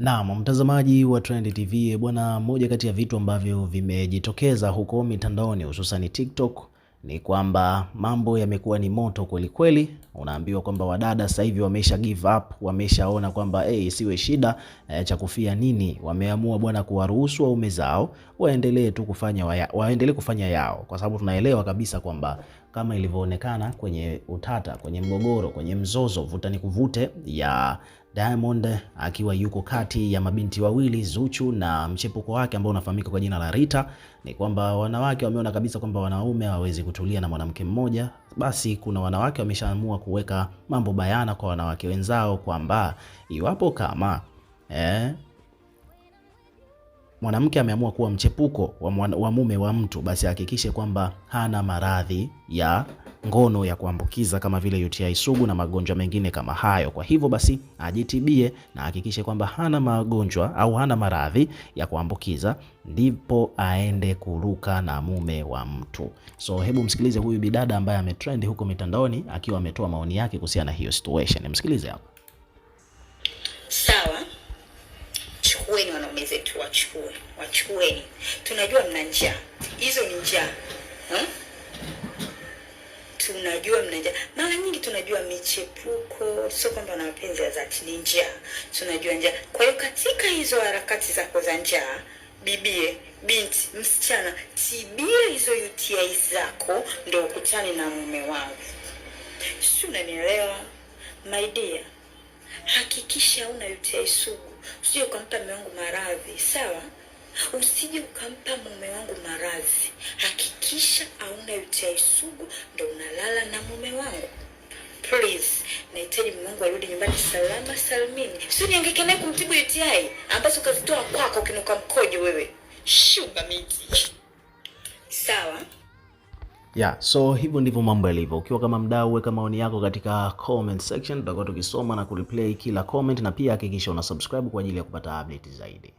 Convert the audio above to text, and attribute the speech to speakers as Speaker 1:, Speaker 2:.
Speaker 1: Naam, mtazamaji wa Trend TV bwana, moja kati ya vitu ambavyo vimejitokeza huko mitandaoni hususan TikTok ni kwamba mambo yamekuwa ni moto kweli kweli. Unaambiwa kwamba wadada sasa hivi wamesha give up, wameshaona kwamba hey, siwe shida eh, cha kufia nini. Wameamua bwana kuwaruhusu waume zao waendelee tu kufanya waya, waendelee kufanya yao, kwa sababu tunaelewa kabisa kwamba kama ilivyoonekana kwenye utata, kwenye mgogoro, kwenye mzozo vuta ni kuvute ya Diamond akiwa yuko kati ya mabinti wawili Zuchu na mchepuko wake ambao unafahamika kwa jina la Rita. Ni kwamba wanawake wameona kabisa kwamba wanaume hawawezi kutulia na mwanamke mmoja, basi kuna wanawake wameshaamua kuweka mambo bayana kwa wanawake wenzao kwamba iwapo kama eh, mwanamke ameamua kuwa mchepuko wa mume wa mtu, basi hakikishe kwamba hana maradhi ya ngono ya kuambukiza kama vile UTI sugu na magonjwa mengine kama hayo. Kwa hivyo basi ajitibie na ahakikishe kwamba hana magonjwa au hana maradhi ya kuambukiza, ndipo aende kuruka na mume wa mtu. So hebu msikilize huyu bidada ambaye ametrend huko mitandaoni akiwa ametoa maoni yake kuhusiana na hiyo situation. Msikilize hapo.
Speaker 2: Sawa, chukueni wanaume zetu, wachukue, wachukueni. Tunajua mna njaa, hizo ni njaa hmm? mnajua mnaja. Mara nyingi tunajua michepuko, sio kwamba na mapenzi ya zati ni njaa, tunajua njaa. Kwa hiyo katika hizo harakati zako za njaa, bibie binti, msichana, tibia hizo UTI zako, ndio ukutane na mume wangu, si unanielewa my dear? Hakikisha una UTI sugu, usije ukampa mume wangu maradhi, sawa? Usije ukampa mume wangu maradhi, hakikisha hauna UTI sugu, ndio nimelala na mume wangu. Please, nahitaji mume wangu arudi nyumbani salama salmini, sio niangeke naye kumtibu UTI ambazo kazitoa kwako kinuka mkojo wewe, Shuga miti. Sawa
Speaker 1: ya yeah, so hivyo ndivyo mambo yalivyo. Ukiwa kama mdau, weka maoni yako katika comment section, tutakuwa tukisoma na kureplay kila comment, na pia hakikisha una subscribe kwa ajili ya kupata update zaidi.